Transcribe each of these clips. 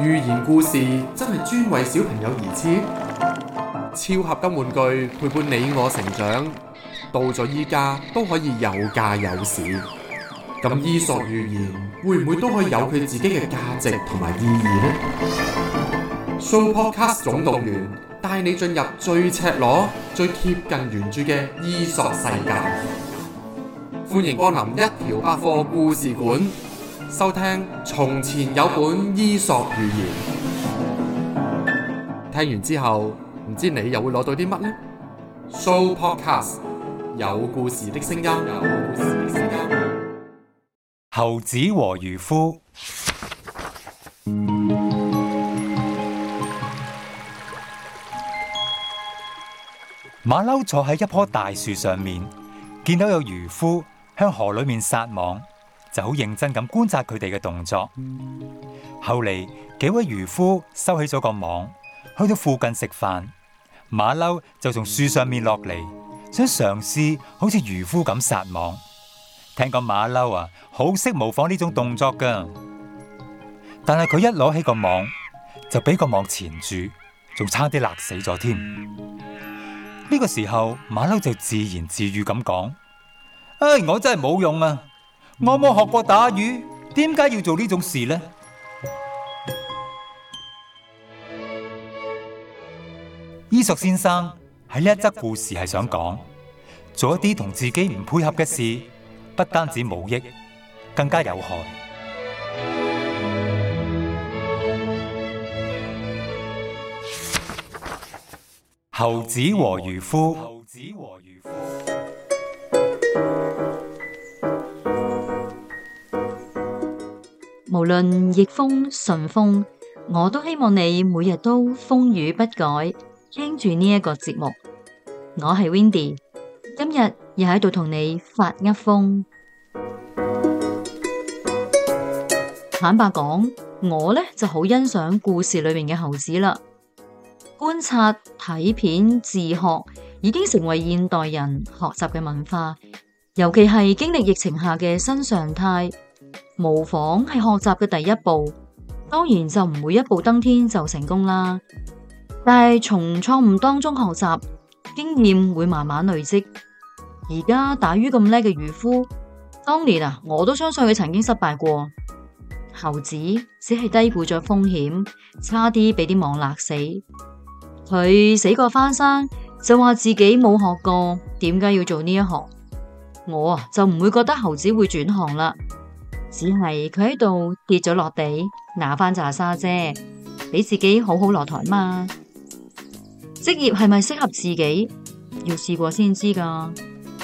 寓言故事真係專為小朋友而設，超合金玩具陪伴你我成長，到咗依家都可以有價有市。咁伊索寓言會唔會都可以有佢自己嘅價值同埋意義呢？Sooopodcast 總動員帶你進入最赤裸、最貼近原著嘅伊索世界， 歡迎光臨一條百貨故事館。收聽從前有本伊索寓言，聽完之後唔知你又會攞到啲乜呢？Sooopodcast，有故事的聲音。猴子和漁夫，馬騮 坐喺一棵大樹上面， 見到有漁夫向河裏面撒網。就好認真咁觀察佢哋嘅動作。後嚟幾位漁夫收起咗個網，去到附近食飯，馬騮就從樹上面落嚟，想嘗試好似漁夫咁撒網。聽講馬騮啊，好識模仿呢種動作噶。但係佢一攞起個網，就俾個網纏住，仲差啲勒死咗添。呢個時候，馬騮就自言自語咁講：唉、hey，我真係冇用啊！我冇學過打魚，點解要做呢種事呢？伊索 先生喺呢一則故事係想講，做一啲同自己唔配合嘅事，不單止冇益，更加有害。 猴子和漁夫。無論逆風順風，我都希望你每日都風雨不改，聽住呢一個節目。我係 Windy，今日又喺度同你發一風。 坦白講，我咧就好欣賞故事裏面嘅猴子啦。觀察、睇片、自學已經成為現代人學習嘅文化，尤其係經歷疫情下嘅新常態。模仿係學習嘅第一步，當然就唔會一步登天就成功啦。但係從錯誤當中學習，經驗會慢慢累積。而家打魚咁叻嘅漁夫，當年啊，我都相信佢曾經失敗過。猴子只係低估咗風險，差啲俾啲網勒死。佢死過翻生，就話自己冇學過，點解要做呢一行？我啊，就唔會覺得猴子會轉行啦。只係佢喺度跌咗落地，揦翻拃沙啫，俾自己好好落台嘛。職業係咪適合自己，要試過先知㗎。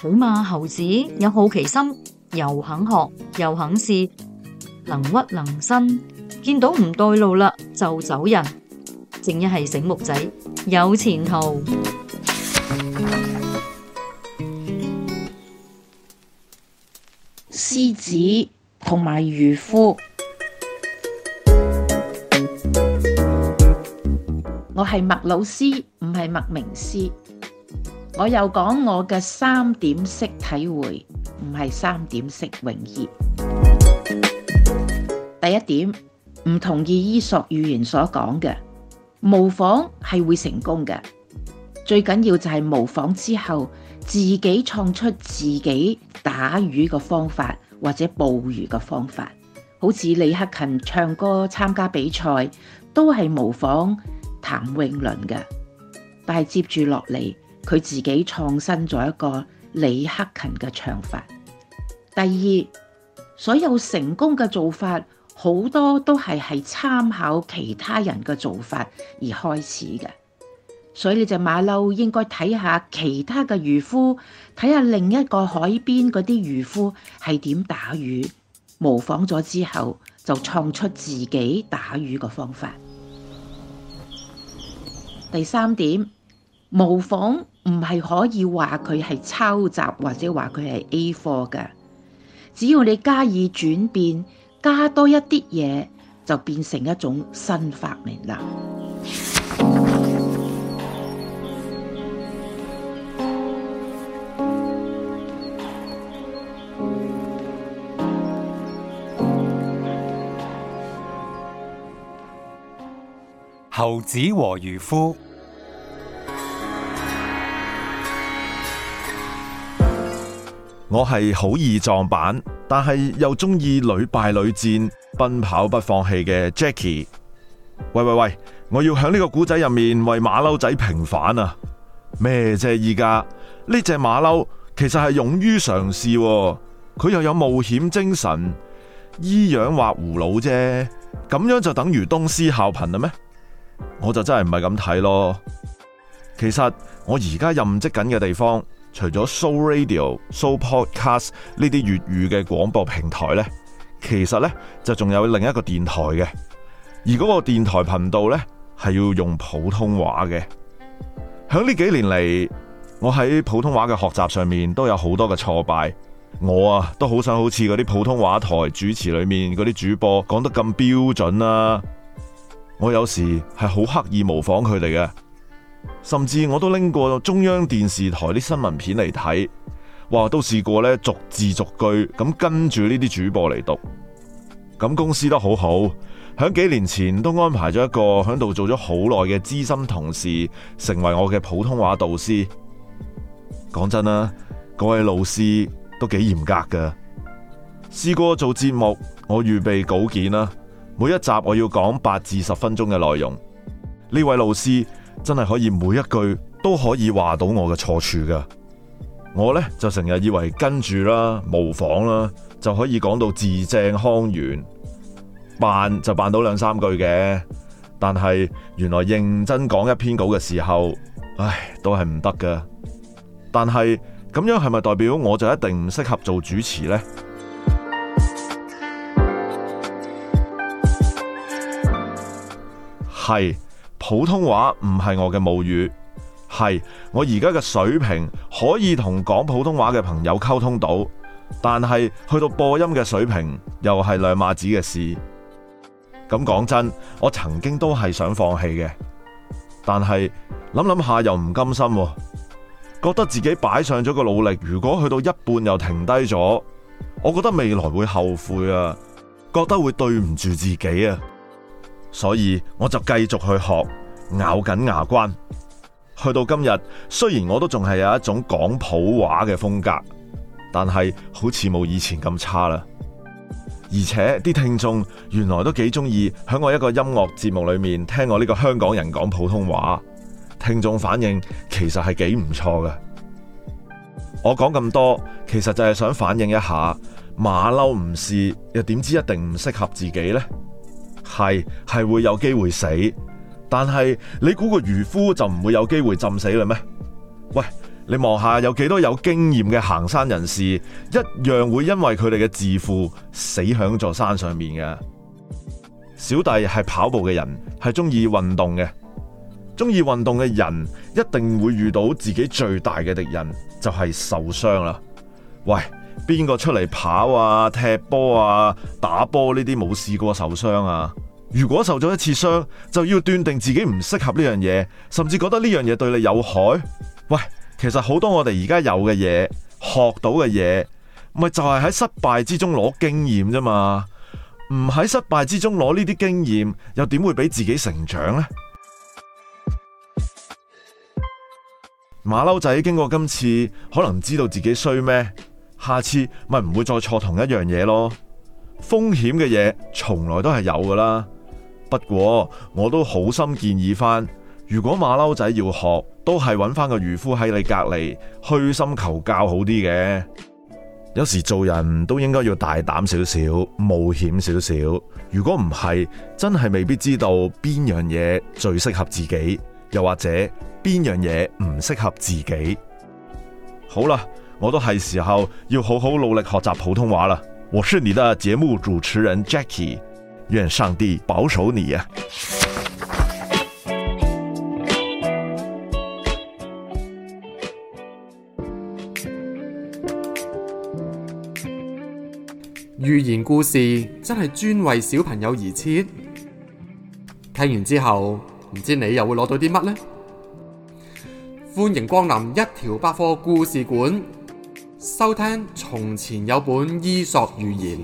好嘛，猴子有好奇心，又肯學，又肯試，能屈能伸，見到唔對路啦就走人，正一係醒目仔，有前途。獅子。同埋漁夫，我係麥老師，唔係麥明師。我又講我嘅三點式體會，唔係三點式泳衣。第一點，唔同意伊索寓言所講嘅，模仿係會成功嘅。最緊要就係模仿之後。自己創出自己打魚嘅方法或者捕魚嘅方法，好似李克勤唱歌參加比賽都係模仿譚詠麟嘅，但係接住落嚟佢自己創新咗一個李克勤嘅唱法。第二，所有成功嘅做法好多都係係參考其他人嘅做法而開始嘅。所以你就馬騮應該睇下其他嘅漁夫，睇下另一個海邊嗰啲漁夫係點打魚，模仿咗之後就創出自己打魚嘅方法。第三點，模仿唔係可以話佢係抄襲或者話佢係 A 貨嘅，只要你加以轉變，加多一啲嘢，就變成一種新發明啦。猴子和漁夫，我係好易撞板，但係又中意屢敗屢戰、奔跑不放棄嘅 Jackie。喂喂喂，我要響呢個古仔入面為馬騮仔平反啊！咩啫？依家呢隻馬騮其實係勇於嘗試，佢又有冒險精神，依樣畫葫蘆啫，咁樣就等於東施效顰啦咩？我就真係唔係咁睇咯。其實我而家任職緊嘅地方，除咗 Sooo Radio、Sooo Podcast 呢啲粵語嘅廣播平台呢，其實呢就仲有另一個電台嘅。而嗰個電台頻道呢，係要用普通話嘅。響呢幾年嚟，我喺普通話嘅學習上面都有好多嘅挫敗。我啊都好想好似嗰啲普通話台主持裏面嗰啲主播講得咁標準啊。我有時係好刻意模仿佢哋嘅，甚至我都拎過中央電視台啲新聞片嚟睇，哇，都試過咧逐字逐句咁跟住呢啲主播嚟讀，咁公司都好好，響幾年前都安排咗一個響度做咗好耐嘅資深同事成為我嘅普通話導師。講真啦，嗰位老師都幾嚴格㗎，試過做節目，我預備稿件啦。每一集我要講八至十分鐘嘅內容，呢位老師真係可以每一句都可以話到我嘅錯處噶。我呢就成日以為跟住啦、模仿啦就可以講到字正腔圓，扮就扮到兩三句嘅。但係原來認真講一篇稿嘅時候，唉，都係唔得噶。但係咁樣係咪代表我就一定唔適合做主持呢？係普通話唔係我嘅母語，係我而家嘅水平可以同講普通話嘅朋友溝通到，但係去到播音嘅水平又係兩碼子嘅事。咁講真，我曾經都係想放棄嘅，但係諗諗下又唔甘心啊，覺得自己擺上咗個努力，如果去到一半又停低咗，我覺得未來會後悔啊，覺得會對唔住自己啊。所以我就繼續去學，咬緊牙關，去到今日，雖然我都仲係有一種講港普話嘅風格，但係好似冇以前咁差啦。而且啲聽眾原來都幾中意響我一個音樂節目裏面聽我呢個香港人講普通話，聽眾反應其實係幾唔錯嘅。我講咁多，其實就係想反映一下，馬騮唔試又點知一定唔適合自己呢？係係會有機會死，但係你估個漁夫就唔會有機會浸死嘅咩？喂，你望下有幾多有經驗嘅行山人士，一樣會因為佢哋嘅自負死響座山上面嘅。小弟係跑步嘅人，係中意運動嘅，中意運動嘅人一定會遇到自己最大嘅敵人，就係受傷啦。喂！邊個出嚟跑啊、踢波啊、打波呢啲冇試過受傷啊？如果受咗一次傷，就要斷定自己唔適合呢樣嘢，甚至覺得呢樣嘢對你有害？喂，其實好多我哋而家有嘅嘢，學到嘅嘢，咪就係喺失敗之中攞經驗啫嘛？唔喺失敗之中攞呢啲經驗，又點會俾自己成長呢？馬騮仔經過今次，可能知道自己衰咩？下次咪唔會再錯同一樣嘢咯。風險嘅嘢從來都係有噶啦。不過我都好心建議翻，如果馬騮仔要學，都係揾翻個漁夫喺你隔籬，虛心求教好啲嘅。有時做人都應該要大膽少少，冒險少少。如果唔係，真係未必知道邊樣嘢最適合自己，又或者邊樣嘢唔適合自己。好啦。我都係時候要好好努力學習普通話啦。我是你的節目主持人 Jacky，願上帝保守你啊！寓言故事真係專為小朋友而設，聽完之後唔知你又會攞到啲乜呢？歡迎光臨一條百貨故事館。收聽《從前有本伊索寓言》。